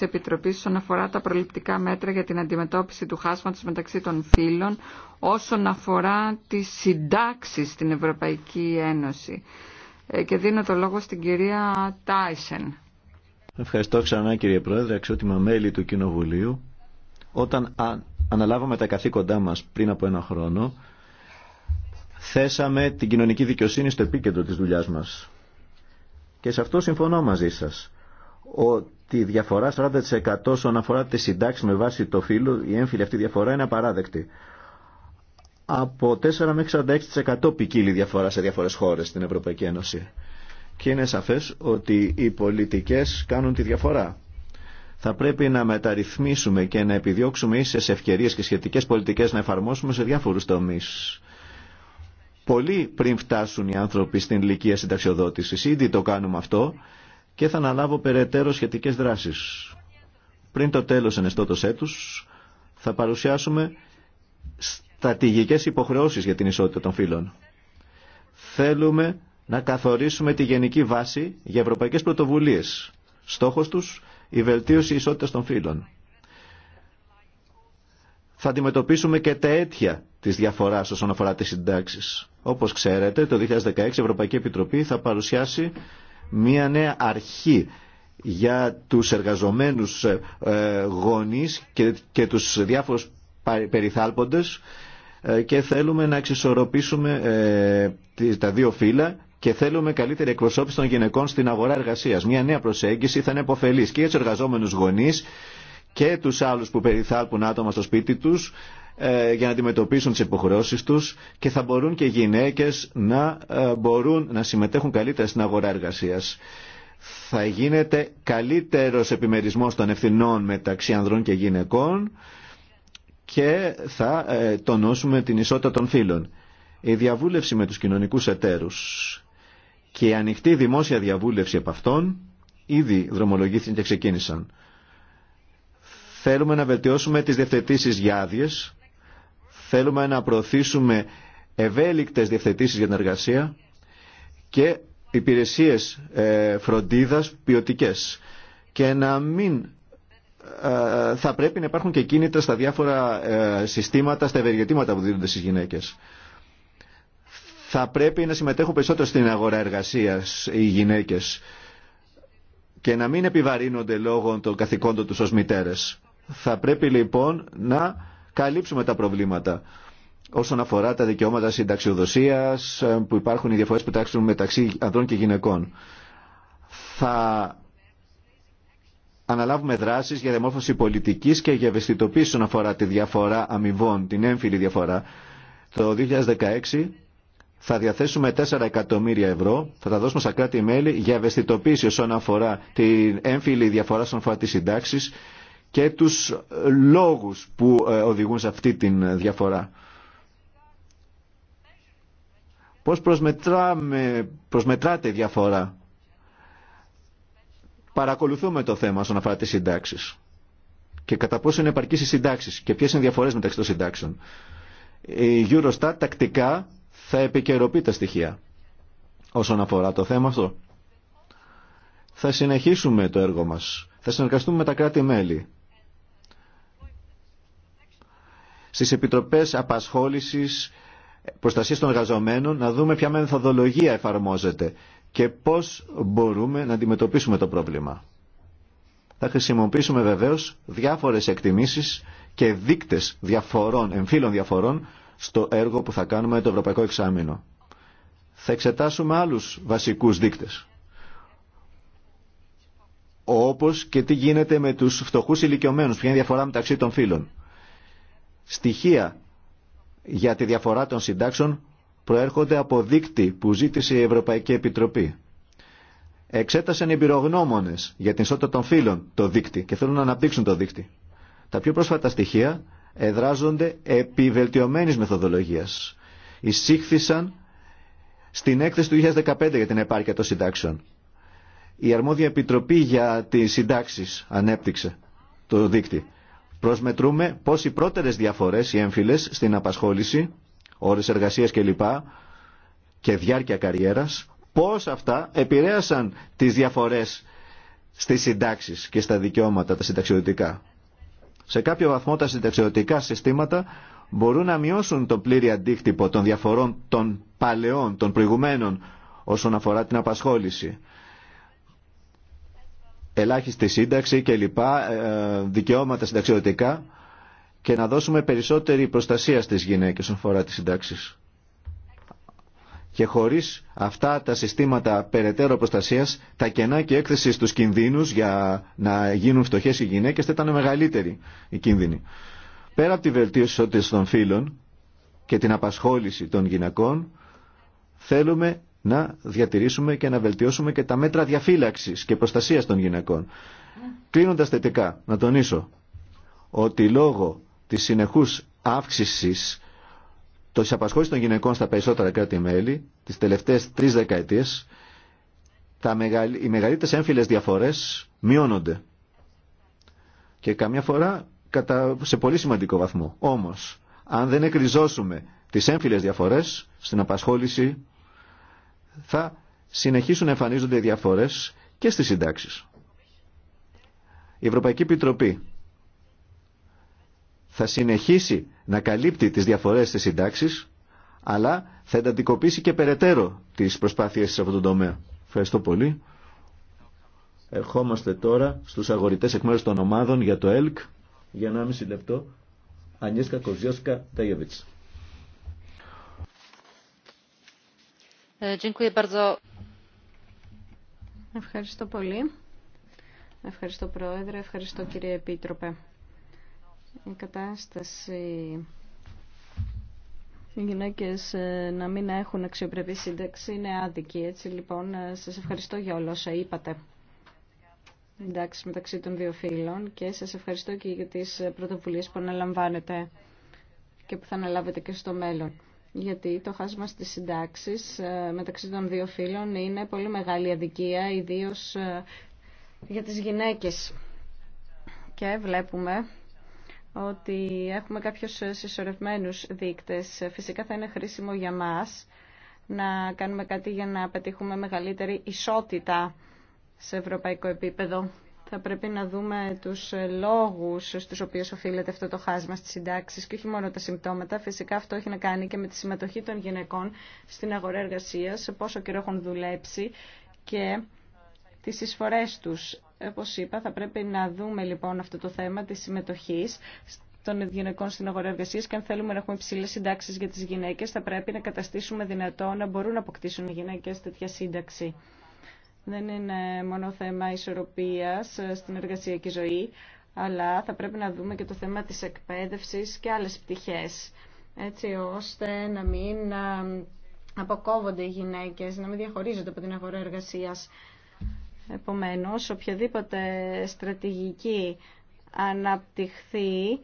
της Επιτροπής όσον αφορά τα προληπτικά μέτρα για την αντιμετώπιση του χάσματος μεταξύ των φύλων όσον αφορά τη συντάξεις στην Ευρωπαϊκή Ένωση. Ε, και δίνω το λόγο στην κυρία Τάισεν. Ευχαριστώ ξανά κύριε Πρόεδρε, αξιότιμα μέλη του Κοινοβουλίου. Όταν αναλάβαμε τα καθήκοντά μας πριν από ένα χρόνο, θέσαμε την κοινωνική δικαιοσύνη στο επίκεντρο της δουλειάς μας. Και σε αυτό συμφωνώ μαζί σας. Ο, τη διαφορά 40% όσον αφορά τη συντάξη με βάση το φύλλο, η έμφυλη αυτή διαφορά είναι απαράδεκτη. Από 4 μέχρι 46% ποικίλει διαφορά σε διάφορες χώρες στην Ευρωπαϊκή Ένωση. Και είναι σαφές ότι οι πολιτικές κάνουν τη διαφορά. Θα πρέπει να μεταρρυθμίσουμε και να επιδιώξουμε ίσες ευκαιρίες και σχετικές πολιτικές να εφαρμόσουμε σε διάφορους τομείς. Πολύ πριν φτάσουν οι άνθρωποι στην ηλικία συνταξιοδότησης, ήδη το κάνουμε αυτό και θα αναλάβω περαιτέρω σχετικές δράσεις. Πριν το τέλος ενεστώτος έτους θα παρουσιάσουμε στατηγικές υποχρεώσεις για την ισότητα των φύλων. Θέλουμε να καθορίσουμε τη γενική βάση για ευρωπαϊκές πρωτοβουλίες. Στόχος τους η βελτίωση ισότητας των φύλων. Θα αντιμετωπίσουμε και τα αίτια της διαφοράς όσον αφορά τις συντάξεις. Όπως ξέρετε, το 2016 η Ευρωπαϊκή Επιτροπή θα παρουσιάσει μία νέα αρχή για τους εργαζομένους ε, ε, γονείς και τους διάφορους περιθάλποντες ε, και θέλουμε να εξισορροπήσουμε τα δύο φύλλα και θέλουμε καλύτερη εκπροσώπηση των γυναικών στην αγορά εργασίας. Μια νέα προσέγγιση θα είναι επωφελής και για τους εργαζόμενους γονείς και τους άλλους που περιθάλπουν άτομα στο σπίτι τους ε, για να αντιμετωπίσουν τις υποχρεώσεις τους και θα μπορούν και οι γυναίκες να ε, μπορούν να συμμετέχουν καλύτερα στην αγορά εργασίας. Θα γίνεται καλύτερος επιμερισμός των ευθυνών μεταξύ ανδρών και γυναικών και θα ε, τονώσουμε την ισότητα των φύλων. Η διαβούλευση με τους κοινωνικούς εταίρους και η ανοιχτή δημόσια διαβούλευση από αυτών ήδη δρομολογήθηκαν και ξεκίνησαν. Θέλουμε να βελτιώσουμε τις διευθετήσεις για άδειες Θέλουμε να προωθήσουμε ευέλικτες διευθετήσεις για την εργασία και υπηρεσίες ε, φροντίδας ποιοτικέ. και να μην ε, θα πρέπει να υπάρχουν και κίνητρα στα διάφορα ε, συστήματα, στα ευεργετήματα που δίνονται στις γυναίκες. Θα πρέπει να συμμετέχουν περισσότερο στην αγορά εργασίας οι γυναίκες και να μην επιβαρύνονται λόγω των καθηκόντων τους ως μητέρες. Θα πρέπει λοιπόν να καλύψουμε τα προβλήματα όσον αφορά τα δικαιώματα συνταξιοδοσία, ε, που υπάρχουν οι διαφορέ που τάξουν μεταξύ ανδρών και γυναικών. Θα αναλάβουμε δράσεις για διαμόρφωση πολιτική και για ευαισθητοποίηση όσον αφορά τη διαφορά αμοιβών, την έμφυλη διαφορά. Το 2016 θα διαθέσουμε 4 εκατομμύρια ευρώ, θα τα δώσουμε στα κράτη-μέλη για ευαισθητοποίηση όσον αφορά την έμφυλη διαφορά στον αφορά τη συντάξει και τους λόγους που ε, οδηγούν σε αυτή την ε, διαφορά. Πώς προσμετράμε, προσμετράτε η διαφορά. Παρακολουθούμε το θέμα όσον αφορά τις συντάξεις και κατά πόσο είναι επαρκείς οι συντάξεις και ποιες είναι οι διαφορές μεταξύ των συντάξεων. Η Eurostat τακτικά θα επικαιροποιεί τα στοιχεία όσον αφορά το θέμα αυτό. Θα συνεχίσουμε το έργο μας. Θα συνεργαστούμε με τα κράτη-μέλη στις Επιτροπές Απασχόλησης Προστασίας των Εργαζομένων να δούμε ποια μεθοδολογία εφαρμόζεται και πώς μπορούμε να αντιμετωπίσουμε το πρόβλημα. Θα χρησιμοποιήσουμε βεβαίως διάφορες εκτιμήσεις και δείκτες διαφορών, εμφύλων διαφορών στο έργο που θα κάνουμε το Ευρωπαϊκό Εξάμεινο. Θα εξετάσουμε άλλους βασικούς δείκτες όπως και τι γίνεται με τους φτωχούς ηλικιωμένους, ποια είναι η διαφορά μεταξύ των φύλων στοιχεία για τη διαφορά των συντάξεων προέρχονται από δίκτυ που ζήτησε η Ευρωπαϊκή Επιτροπή. Εξέτασαν οι εμπειρογνώμονε για την ισότητα των φύλων το δίκτυ και θέλουν να αναπτύξουν το δίκτυ. Τα πιο πρόσφατα στοιχεία εδράζονται επί βελτιωμένη μεθοδολογία. Εισήχθησαν στην έκθεση του 2015 για την επάρκεια των συντάξεων. Η αρμόδια επιτροπή για τι συντάξει ανέπτυξε το δίκτυ. Προσμετρούμε πώς οι πρώτερες διαφορές, οι έμφυλες, στην απασχόληση, ώρες εργασίας κλπ. και διάρκεια καριέρας, πώς αυτά επηρέασαν τις διαφορές στις συντάξεις και στα δικαιώματα τα συνταξιωτικά. Σε κάποιο βαθμό τα συνταξιωτικά συστήματα μπορούν να μειώσουν το πλήρη αντίκτυπο των διαφορών των παλαιών, των προηγουμένων όσον αφορά την απασχόληση ελάχιστη σύνταξη και λοιπά, ε, δικαιώματα συνταξιωτικά και να δώσουμε περισσότερη προστασία στις γυναίκες όσον αφορά της συντάξεις. Και χωρίς αυτά τα συστήματα περαιτέρω προστασίας, τα κενά και έκθεση στους κινδύνους για να γίνουν φτωχές οι γυναίκες θα ήταν μεγαλύτερη η κίνδυνη. Πέρα από τη βελτίωση των φύλων και την απασχόληση των γυναικών, θέλουμε να διατηρήσουμε και να βελτιώσουμε και τα μέτρα διαφύλαξης και προστασία των γυναικών. κλείνοντα θετικά, να τονίσω ότι λόγω της συνεχούς αύξησης τη απασχόληση των γυναικών στα περισσότερα κράτη-μέλη τις τελευταίες τρει δεκαετίε, οι μεγαλύτερε έμφυλες διαφορές μειώνονται και καμιά φορά κατά... σε πολύ σημαντικό βαθμό. Όμω, αν δεν εκριζώσουμε τις έμφυλες διαφορές στην απασχόληση θα συνεχίσουν να εμφανίζονται οι διαφορές και στις συντάξεις. Η Ευρωπαϊκή Επιτροπή θα συνεχίσει να καλύπτει τις διαφορές στις συντάξεις, αλλά θα εντατικοποιήσει και περαιτέρω τις προσπάθειες σε αυτόν τον τομέα. Ευχαριστώ πολύ. Ερχόμαστε τώρα στους αγορητές εκ μέρους των ομάδων για το ΕΛΚ για 1,5 λεπτό. Ανιέσκα Κοζιώσκα Ε, ευχαριστώ πολύ. Ευχαριστώ Πρόεδρε, ευχαριστώ κύριε Επίτροπε. Η κατάσταση οι γυναίκες ε, να μην έχουν αξιοπρεπή σύνταξη είναι άδικη. Έτσι λοιπόν ε, σας ευχαριστώ για όλα όσα είπατε. Εντάξει, μεταξύ των δύο φίλων και σας ευχαριστώ και για τις πρωτοβουλίες που αναλαμβάνετε και που θα αναλάβετε και στο μέλλον γιατί το χάσμα στις συντάξεις ε, μεταξύ των δύο φίλων είναι πολύ μεγάλη αδικία, ιδίως ε, για τις γυναίκες. Και βλέπουμε ότι έχουμε κάποιους συσσωρευμένους δείκτες. Φυσικά θα είναι χρήσιμο για μας να κάνουμε κάτι για να πετύχουμε μεγαλύτερη ισότητα σε ευρωπαϊκό επίπεδο θα πρέπει να δούμε τους λόγους στους οποίους οφείλεται αυτό το χάσμα στις συντάξεις και όχι μόνο τα συμπτώματα. Φυσικά αυτό έχει να κάνει και με τη συμμετοχή των γυναικών στην αγορά εργασίας, σε πόσο καιρό έχουν δουλέψει και τις εισφορές τους. Όπως είπα, θα πρέπει να δούμε λοιπόν αυτό το θέμα της συμμετοχής των γυναικών στην αγορά εργασία και αν θέλουμε να έχουμε υψηλέ συντάξει για τι γυναίκε, θα πρέπει να καταστήσουμε δυνατό να μπορούν να αποκτήσουν οι γυναίκε τέτοια σύνταξη δεν είναι μόνο θέμα ισορροπίας ε, στην εργασιακή ζωή, αλλά θα πρέπει να δούμε και το θέμα της εκπαίδευσης και άλλες πτυχές, έτσι ώστε να μην ε, αποκόβονται οι γυναίκες, να μην διαχωρίζονται από την αγορά εργασίας. Επομένως, οποιαδήποτε στρατηγική αναπτυχθεί,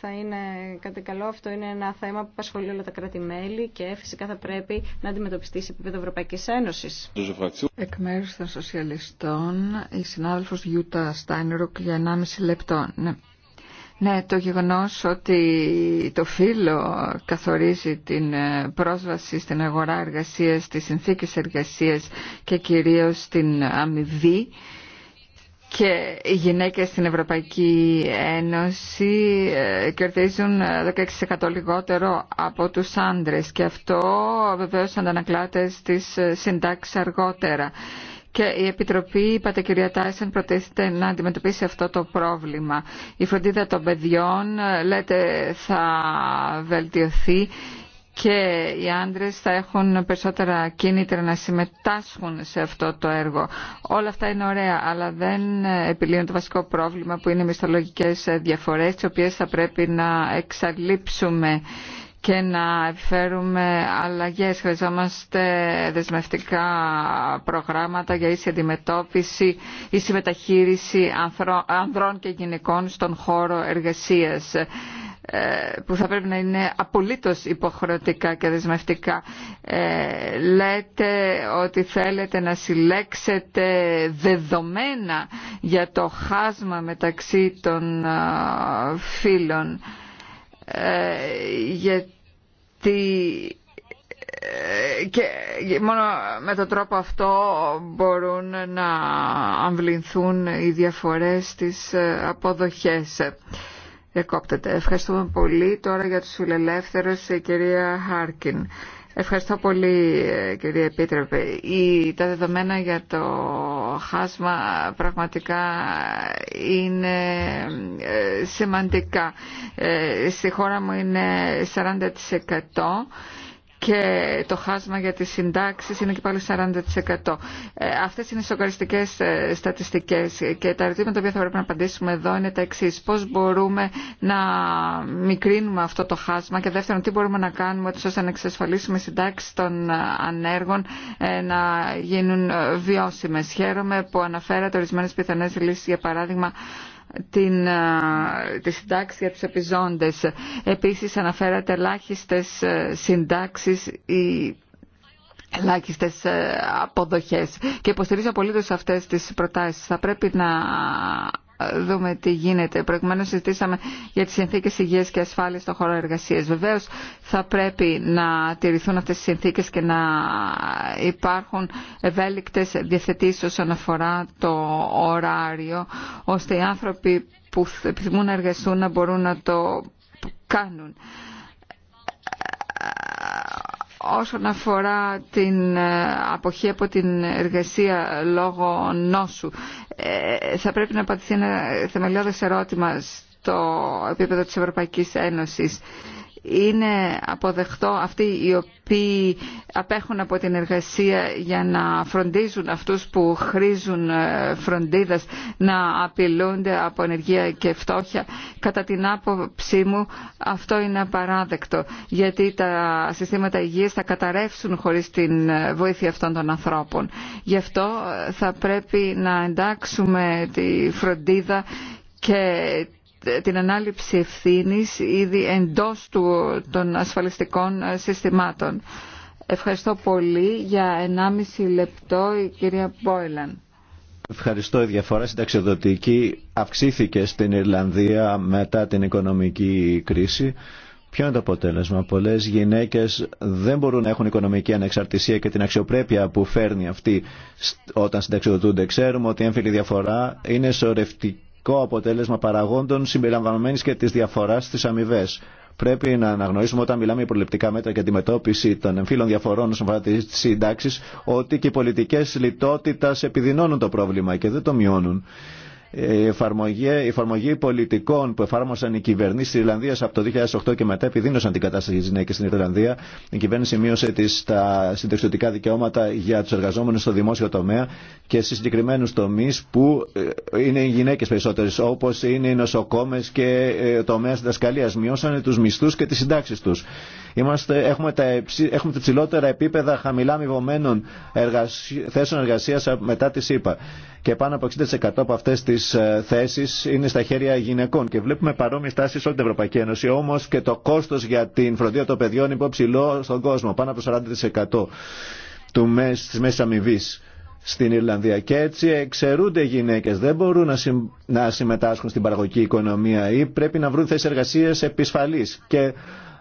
θα είναι κάτι καλό. Αυτό είναι ένα θέμα που απασχολεί όλα τα κράτη-μέλη και φυσικά θα πρέπει να αντιμετωπιστεί σε επίπεδο Ευρωπαϊκή Ένωση. Εκ μέρου των Σοσιαλιστών, η συνάδελφο Γιούτα Στάινρουκ για 1,5 λεπτό. Ναι. ναι, το γεγονό ότι το φύλλο καθορίζει την ε, πρόσβαση στην αγορά εργασίας, τις συνθήκες εργασία και κυρίω την αμοιβή και οι γυναίκες στην Ευρωπαϊκή Ένωση ε, κερδίζουν 16% ε, λιγότερο από τους άντρες και αυτό βεβαίως αντανακλάται στις ε, συντάξεις αργότερα. Και η Επιτροπή, είπατε κυρία Τάισεν, προτίθεται να αντιμετωπίσει αυτό το πρόβλημα. Η φροντίδα των παιδιών, λέτε, θα βελτιωθεί και οι άντρες θα έχουν περισσότερα κίνητρα να συμμετάσχουν σε αυτό το έργο. Όλα αυτά είναι ωραία, αλλά δεν επιλύουν το βασικό πρόβλημα που είναι οι μισθολογικές διαφορές, τις οποίες θα πρέπει να εξαλείψουμε και να επιφέρουμε αλλαγές. Χρειαζόμαστε δεσμευτικά προγράμματα για ίση αντιμετώπιση, ίση μεταχείριση ανδρών και γυναικών στον χώρο εργασίας ε, που θα πρέπει να είναι απολύτως υποχρεωτικά και δεσμευτικά. Ε, λέτε ότι θέλετε να συλλέξετε δεδομένα για το χάσμα μεταξύ των ε, φύλων γιατί και μόνο με τον τρόπο αυτό μπορούν να αμβλυνθούν οι διαφορές της αποδοχές. Διακόπτεται. Ευχαριστούμε πολύ. Τώρα για τους φιλελεύθερους, η κυρία Χάρκιν. Ευχαριστώ πολύ κυρία Επίτροπε. Η, τα δεδομένα για το χάσμα πραγματικά είναι ε, σημαντικά. Ε, στη χώρα μου είναι 40% και το χάσμα για τις συντάξεις είναι και πάλι 40%. Ε, αυτές είναι οι σοκαριστικές ε, στατιστικές και τα ερωτήματα που θα πρέπει να απαντήσουμε εδώ είναι τα εξή. Πώς μπορούμε να μικρύνουμε αυτό το χάσμα και δεύτερον τι μπορούμε να κάνουμε ώστε να εξασφαλίσουμε συντάξει των ε, ανέργων να γίνουν βιώσιμες. Χαίρομαι που αναφέρατε ορισμένες πιθανές λύσεις για παράδειγμα την, τη συντάξη για τους επιζώντες. Επίσης αναφέρατε ελάχιστε συντάξεις ή ελάχιστε αποδοχές. Και υποστηρίζω απολύτως αυτές τις προτάσεις. Θα πρέπει να δούμε τι γίνεται. Προηγουμένως συζητήσαμε για τις συνθήκες υγείας και ασφάλειας στον χώρο εργασίας. Βεβαίως θα πρέπει να τηρηθούν αυτές οι συνθήκες και να υπάρχουν ευέλικτες διαθετήσεις όσον αφορά το ωράριο, ώστε οι άνθρωποι που επιθυμούν να εργαστούν να μπορούν να το κάνουν όσον αφορά την ε, αποχή από την εργασία λόγω νόσου. Ε, θα πρέπει να απαντηθεί ένα θεμελιώδες ερώτημα στο επίπεδο της Ευρωπαϊκής Ένωσης είναι αποδεκτό αυτοί οι οποίοι απέχουν από την εργασία για να φροντίζουν αυτούς που χρήζουν ε, φροντίδας να απειλούνται από ενεργεία και φτώχεια. Κατά την άποψή μου αυτό είναι απαράδεκτο γιατί τα συστήματα υγείας θα καταρρεύσουν χωρίς την ε, βοήθεια αυτών των ανθρώπων. Γι' αυτό ε, θα πρέπει να εντάξουμε τη φροντίδα και την ανάληψη ευθύνης ήδη εντός των ασφαλιστικών ε, συστημάτων. Ευχαριστώ πολύ. Για 1,5 λεπτό η κυρία Μπόιλαν. Ευχαριστώ. Η διαφορά συνταξιοδοτική αυξήθηκε στην Ιρλανδία μετά την οικονομική κρίση. Ποιο είναι το αποτέλεσμα. Πολλέ γυναίκε δεν μπορούν να έχουν οικονομική ανεξαρτησία και την αξιοπρέπεια που φέρνει αυτή όταν συνταξιοδοτούνται. Ξέρουμε ότι η έμφυλη διαφορά είναι σωρευτική σημαντικό αποτέλεσμα παραγόντων συμπεριλαμβανομένης και της διαφοράς στις αμοιβέ. Πρέπει να αναγνωρίσουμε όταν μιλάμε για προληπτικά μέτρα και αντιμετώπιση των εμφύλων διαφορών όσον αφορά συντάξει, ότι και οι πολιτικέ λιτότητα επιδεινώνουν το πρόβλημα και δεν το μειώνουν. Ε, η εφαρμογή, η πολιτικών που εφάρμοσαν οι κυβερνήσει τη Ιρλανδία από το 2008 και μετά επιδίνωσαν την κατάσταση τη γυναίκα στην Ιρλανδία. Η κυβέρνηση μείωσε τις, τα συντεξιωτικά δικαιώματα για του εργαζόμενου στο δημόσιο τομέα και σε συγκεκριμένου τομεί που ε, είναι οι γυναίκε περισσότερε, όπω είναι οι νοσοκόμε και ε, τομέα διδασκαλία. Μειώσανε του μισθού και τι συντάξει του. Είμαστε, έχουμε, τα, έχουμε τα ψηλότερα επίπεδα χαμηλά αμοιβωμένων εργασι, θέσεων εργασία ε, μετά τη ΣΥΠΑ. Και πάνω από 60% από αυτέ τι ε, θέσει είναι στα χέρια γυναικών. Και βλέπουμε παρόμοιε τάσει σε όλη την Ευρωπαϊκή Ένωση. Όμω και το κόστο για την φροντίδα των παιδιών είναι υψηλό στον κόσμο. Πάνω από 40% του μέση της μέσης αμοιβή στην Ιρλανδία. Και έτσι εξαιρούνται οι γυναίκε. Δεν μπορούν να, να συμμετάσχουν στην παραγωγική οικονομία ή πρέπει να βρουν θέσει εργασία επισφαλή. Και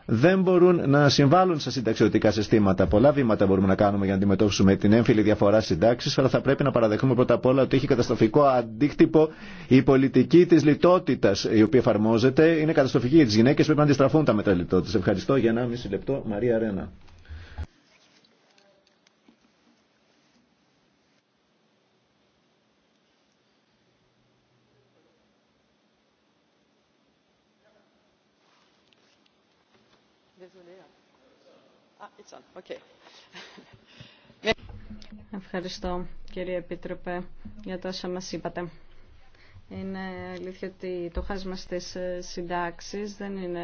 δεν μπορούν να συμβάλλουν στα συνταξιωτικά συστήματα. Πολλά βήματα μπορούμε να κάνουμε για να αντιμετώπισουμε την έμφυλη διαφορά συντάξει, αλλά θα πρέπει να παραδεχτούμε πρώτα απ' όλα ότι έχει καταστροφικό αντίκτυπο η πολιτική τη λιτότητα η οποία εφαρμόζεται. Είναι καταστροφική για τι γυναίκε, πρέπει να αντιστραφούν τα μέτρα λιτότητα. Ευχαριστώ για μισή λεπτό, Μαρία Ρένα. Ah, Ευχαριστώ κύριε Επίτροπε για όσα μας είπατε. Είναι αλήθεια ότι το χάσμα στις ε, συντάξεις δεν είναι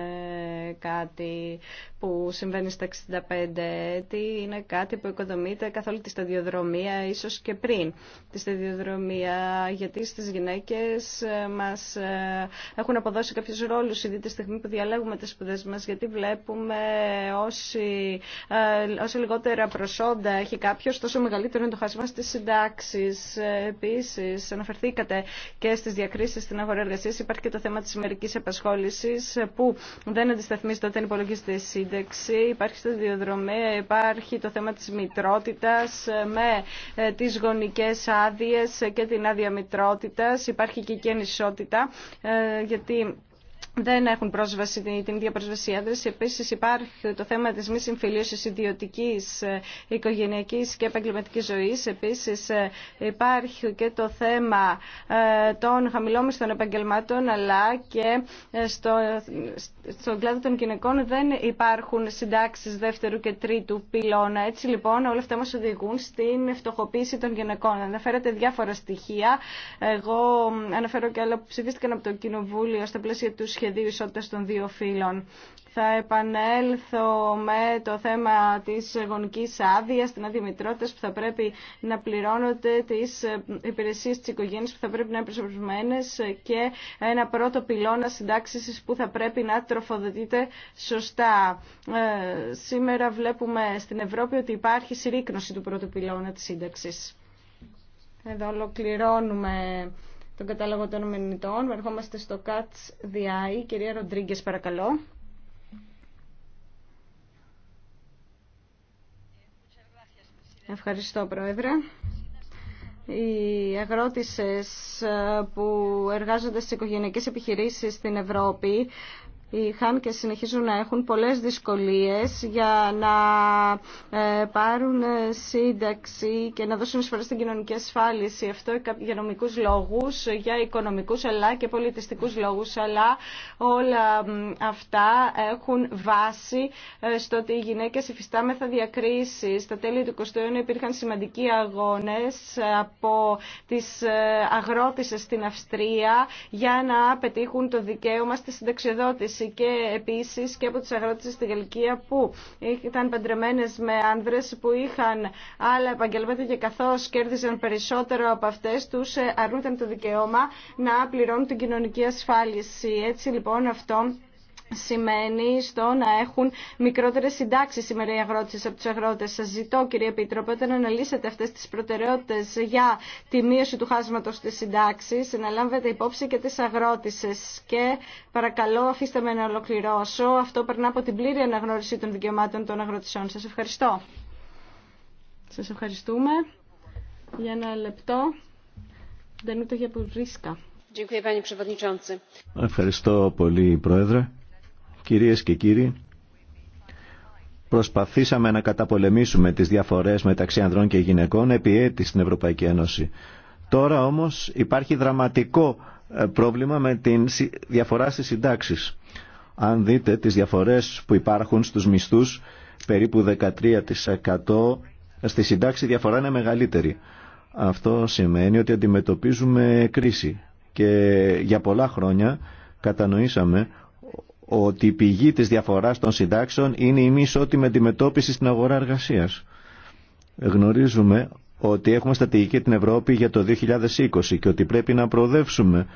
κάτι που συμβαίνει στα 65 έτη, είναι κάτι που οικοδομείται καθ' όλη τη σταδιοδρομία, ίσως και πριν τη σταδιοδρομία, γιατί στις γυναίκες ε, μας ε, έχουν αποδώσει κάποιους ρόλους, ήδη τη στιγμή που διαλέγουμε τις σπουδέ μας, γιατί βλέπουμε όσο λιγότερα προσόντα έχει κάποιος, τόσο μεγαλύτερο είναι το χάσμα στις συντάξεις. Επίσης, αναφερθήκατε και Τη διακρίσεις στην αγορά εργασία υπάρχει και το θέμα τη ημερική απασχόληση που δεν αντισταθμίζεται όταν υπολογίζεται η σύνταξη. Υπάρχει στο διοδρομέα, υπάρχει το θέμα τη μητρότητα με ε, τι γονικέ άδειε και την άδεια μητρότητα. Υπάρχει και η ανισότητα ε, γιατί δεν έχουν πρόσβαση, την ίδια προσβασία οι άντρε. Επίση, υπάρχει το θέμα τη μη συμφιλίωση ιδιωτική, ε, οικογενειακή και επαγγελματική ζωή. Επίση, ε, υπάρχει και το θέμα ε, των χαμηλόμιστων επαγγελμάτων, αλλά και στο, στον κλάδο των γυναικών δεν υπάρχουν συντάξει δεύτερου και τρίτου πυλώνα. Έτσι, λοιπόν, όλα αυτά μα οδηγούν στην φτωχοποίηση των γυναικών. Αναφέρατε διάφορα στοιχεία. Εγώ αναφέρω και άλλα που ψηφίστηκαν από το Κοινοβούλιο στα πλαίσια του σχεδίου δύο ισότητα των δύο φύλων. Θα επανέλθω με το θέμα της γονικής άδεια, την άδεια που θα πρέπει να πληρώνονται, τις υπηρεσίε της οικογένειας που θα πρέπει να είναι προσωπισμένες και ένα πρώτο πυλώνα συντάξει που θα πρέπει να τροφοδοτείται σωστά. Ε, σήμερα βλέπουμε στην Ευρώπη ότι υπάρχει συρρήκνωση του πρώτου πυλώνα της σύνταξης. Εδώ ολοκληρώνουμε τον κατάλογο των μενητών. Ερχόμαστε στο Catch the Eye. Κυρία Ροντρίγκε, παρακαλώ. Ευχαριστώ, Πρόεδρε. Οι αγρότησες ε, που εργάζονται στις οικογενειακές επιχειρήσεις στην Ευρώπη είχαν και συνεχίζουν να έχουν πολλές δυσκολίες για να ε, πάρουν ε, σύνταξη και να δώσουν εισφορά στην κοινωνική ασφάλιση. Αυτό για νομικούς λόγους, για οικονομικούς αλλά και πολιτιστικούς λόγους. Αλλά όλα αυτά έχουν βάση ε, στο ότι οι γυναίκες υφιστάμεθα διακρίσεις. Στα τέλη του 20ου αιώνα υπήρχαν σημαντικοί αγώνες από τις αγρότησες στην Αυστρία για να πετύχουν το δικαίωμα στη συνταξιοδότηση και επίσης και από τις αγρότες στη Γαλλικία που ήταν παντρεμένες με άνδρες που είχαν άλλα επαγγελματία και καθώς κέρδιζαν περισσότερο από αυτές τους ε, αρνούνταν το δικαίωμα να πληρώνουν την κοινωνική ασφάλιση. Έτσι λοιπόν αυτό σημαίνει στο να έχουν μικρότερε συντάξει σήμερα οι αγρότες από του αγρότε. Σα ζητώ κύριε Επίτροπε όταν αναλύσετε αυτέ τι προτεραιότητε για τη μείωση του χάσματος στι συντάξει, να λάβετε υπόψη και τι αγρότησε. και παρακαλώ αφήστε με να ολοκληρώσω. Αυτό περνά από την πλήρη αναγνώριση των δικαιωμάτων των αγροτησών. Σα ευχαριστώ. Σα ευχαριστούμε. Για ένα λεπτό. Δεν το για Ευχαριστώ πολύ, Πρόεδρε. Κυρίες και κύριοι, προσπαθήσαμε να καταπολεμήσουμε τις διαφορές μεταξύ ανδρών και γυναικών επί έτη στην Ευρωπαϊκή Ένωση. Τώρα όμως υπάρχει δραματικό ε, πρόβλημα με τη διαφορά στις συντάξεις. Αν δείτε τις διαφορές που υπάρχουν στους μισθούς, περίπου 13% στη συντάξη διαφορά είναι μεγαλύτερη. Αυτό σημαίνει ότι αντιμετωπίζουμε κρίση. Και για πολλά χρόνια κατανοήσαμε ότι η πηγή της διαφοράς των συντάξεων είναι η μη ισότιμη αντιμετώπιση στην αγορά εργασίας. Γνωρίζουμε ότι έχουμε στατηγική την Ευρώπη για το 2020 και ότι πρέπει να προοδεύσουμε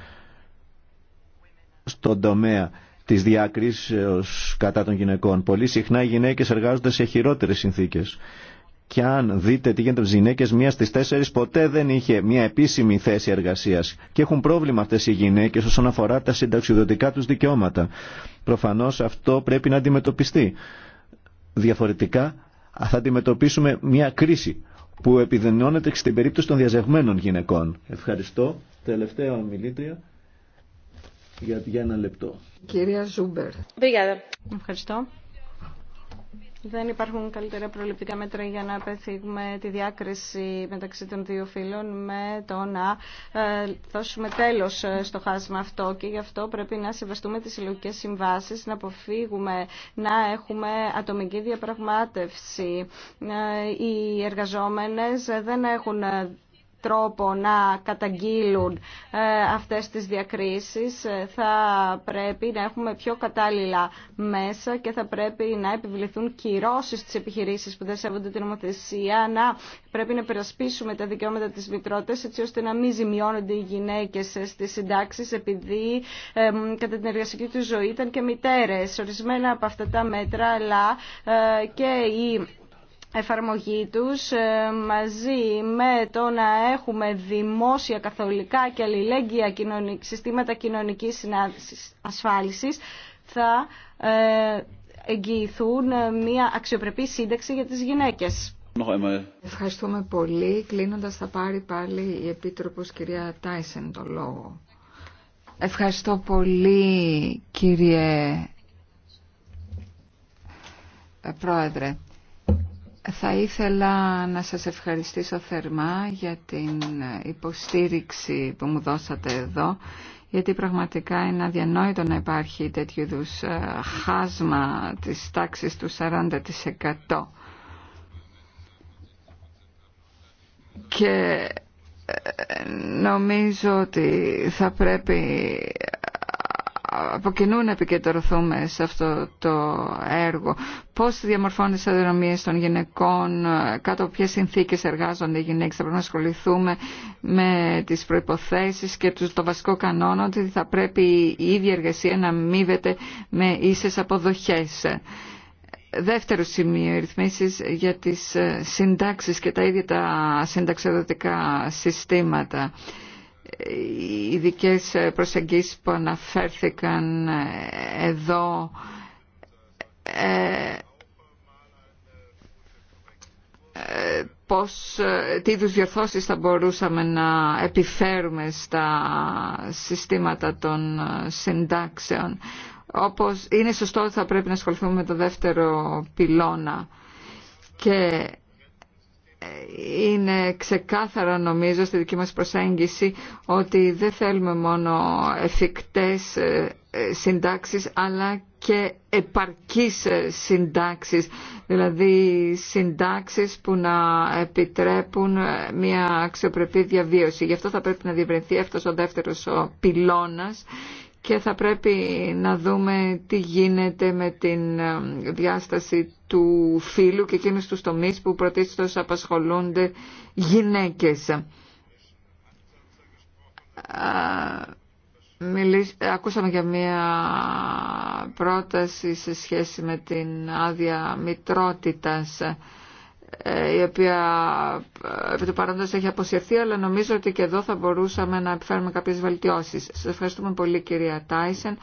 στον τομέα της διάκρισης κατά των γυναικών. Πολύ συχνά οι γυναίκες εργάζονται σε χειρότερες συνθήκες και αν δείτε τι γίνεται με τι γυναίκε, μία στι τέσσερι ποτέ δεν είχε μία επίσημη θέση εργασία. Και έχουν πρόβλημα αυτέ οι γυναίκε όσον αφορά τα συνταξιδωτικά του δικαιώματα. Προφανώ αυτό πρέπει να αντιμετωπιστεί. Διαφορετικά θα αντιμετωπίσουμε μία κρίση που επιδεινώνεται στην περίπτωση των διαζευμένων γυναικών. Ευχαριστώ. Τελευταία ομιλήτρια για, για ένα λεπτό. Κυρία Ζούμπερ. Ευχαριστώ. Δεν υπάρχουν καλύτερα προληπτικά μέτρα για να απεθύγουμε τη διάκριση μεταξύ των δύο φύλων με το να ε, δώσουμε τέλος ε, στο χάσμα αυτό και γι' αυτό πρέπει να σεβαστούμε τις συλλογικέ συμβάσεις, να αποφύγουμε να έχουμε ατομική διαπραγμάτευση. Ε, οι εργαζόμενες δεν έχουν τρόπο να καταγγείλουν ε, αυτές τις διακρίσεις. Ε, θα πρέπει να έχουμε πιο κατάλληλα μέσα και θα πρέπει να επιβληθούν κυρώσεις στις επιχειρήσεις που δεν σέβονται την νομοθεσία, να πρέπει να περασπίσουμε τα δικαιώματα της μητρότητας έτσι ώστε να μην ζημιώνονται οι γυναίκες ε, στις συντάξεις επειδή κατά την εργασική του ζωή ήταν και μητέρες. Ορισμένα από αυτά τα μέτρα αλλά και οι εφαρμογή τους ε, μαζί με το να έχουμε δημόσια καθολικά και αλληλέγγυα συστήματα κοινωνικής ασφάλισης θα ε, εγγυηθούν ε, μια αξιοπρεπή σύνταξη για τις γυναίκες. Ευχαριστούμε πολύ. Κλείνοντας θα πάρει πάλι η Επίτροπος κυρία Τάισεν το λόγο. Ευχαριστώ πολύ κύριε Πρόεδρε. Θα ήθελα να σας ευχαριστήσω θερμά για την υποστήριξη που μου δώσατε εδώ, γιατί πραγματικά είναι αδιανόητο να υπάρχει τέτοιου είδου ε, χάσμα της τάξης του 40%. Και ε, νομίζω ότι θα πρέπει από κοινού να επικεντρωθούμε σε αυτό το έργο. Πώς διαμορφώνει τι αδυναμίες των γυναικών, κάτω από ποιες συνθήκες εργάζονται οι γυναίκες. Θα πρέπει να ασχοληθούμε με τις προϋποθέσεις και το βασικό κανόνα ότι θα πρέπει η ίδια εργασία να μείβεται με ίσες αποδοχές. Δεύτερο σημείο, οι ρυθμίσεις για τις συντάξεις και τα ίδια τα συνταξιοδοτικά συστήματα οι ειδικέ προσεγγίσεις που αναφέρθηκαν εδώ ε, ε, πώς, τι είδου διορθώσεις θα μπορούσαμε να επιφέρουμε στα συστήματα των συντάξεων. Όπως είναι σωστό ότι θα πρέπει να ασχοληθούμε με το δεύτερο πυλώνα και είναι ξεκάθαρα νομίζω στη δική μας προσέγγιση ότι δεν θέλουμε μόνο εφικτές ε, ε, συντάξεις αλλά και επαρκείς ε, συντάξεις, δηλαδή συντάξεις που να επιτρέπουν μια αξιοπρεπή διαβίωση. Γι' αυτό θα πρέπει να διευρυνθεί αυτός ο δεύτερος ο πυλώνας και θα πρέπει να δούμε τι γίνεται με την διάσταση του φίλου και εκείνους τους τομείς που πρωτίστως απασχολούνται γυναίκες. Μιλήσ... Ακούσαμε για μία πρόταση σε σχέση με την άδεια μητρότητας ε, η οποία ε, επί του παρόντος έχει αποσυρθεί αλλά νομίζω ότι και εδώ θα μπορούσαμε να επιφέρουμε κάποιες βελτιώσεις. Σας ευχαριστούμε πολύ κυρία Τάισεν.